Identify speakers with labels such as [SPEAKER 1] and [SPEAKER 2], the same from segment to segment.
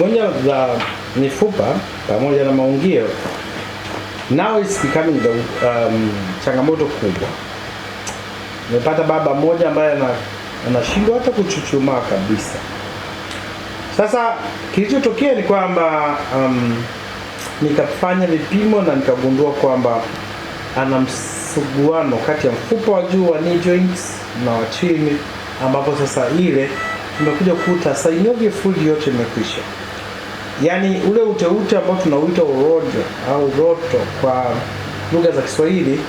[SPEAKER 1] Ugonjwa za mifupa pamoja na maungio nao is becoming the um, changamoto kubwa. Nimepata baba mmoja ambaye anashindwa hata kuchuchumaa kabisa. Sasa kilichotokea ni kwamba um, nikafanya vipimo na nikagundua kwamba ana msuguano kati ya mfupa wa juu wa knee joints na wa chini, ambapo sasa ile tumekuja kukuta synovial fluid yote imekwisha yaani ule uteute ambao tunauita urojo au roto kwa lugha za Kiswahili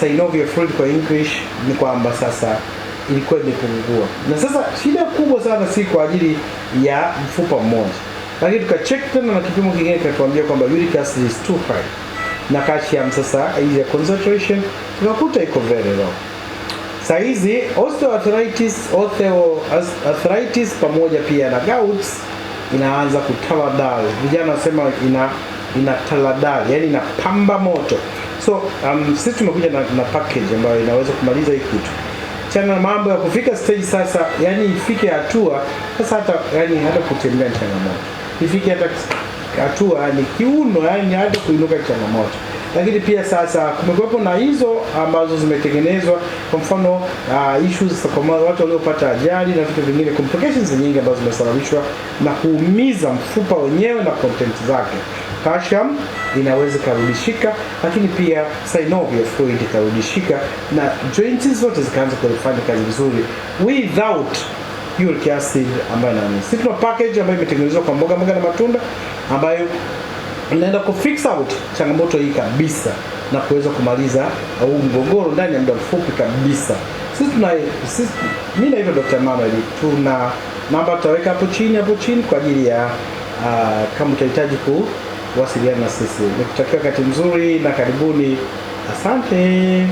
[SPEAKER 1] synovial fluid kwa English ni kwamba sasa ilikuwa imepungua, na sasa shida kubwa sana si kwa ajili ya mfupa mmoja, lakini tukacheck tena na kipimo kingine kikatuambia kwamba uric acid is too high na calcium sasa ya concentration tukakuta iko very low. Saa hizi osteoarthritis, osteoarthritis pamoja pia na gouts inaanza kutoa vijana wanasema ina ina dal, yani inapamba moto. So um, sisi tumekuja na, na package ambayo inaweza kumaliza hii kitu chana mambo ya kufika stage sasa, yani ifike hatua sasa hata yani hata kutembea changamoto, ifike hata hatua ni kiuno, yani hata kuinuka changamoto lakini pia sasa kumekuwepo na hizo ambazo zimetengenezwa, kwa mfano uh, issues kwa watu waliopata ajali na vitu vingine, complications nyingi ambazo zimesababishwa na kuumiza mfupa wenyewe na content zake. Calcium inaweza ikarudishika, lakini pia synovial fluid ikarudishika na joints zote zikaanza kufanya kazi vizuri without uric acid ambayo na package ambayo imetengenezwa kwa mboga mboga na matunda ambayo mnaenda fix out changamoto hii kabisa na kuweza kumaliza huu mgogoro ndani ya muda mfupi kabisa. Sisi tuna sisi, mimi na hivyo Dr. Manuel tuna namba tutaweka hapo chini hapo chini kwa ajili ya uh, kama utahitaji kuwasiliana na sisi. Nikutakia wakati mzuri na karibuni. Asante.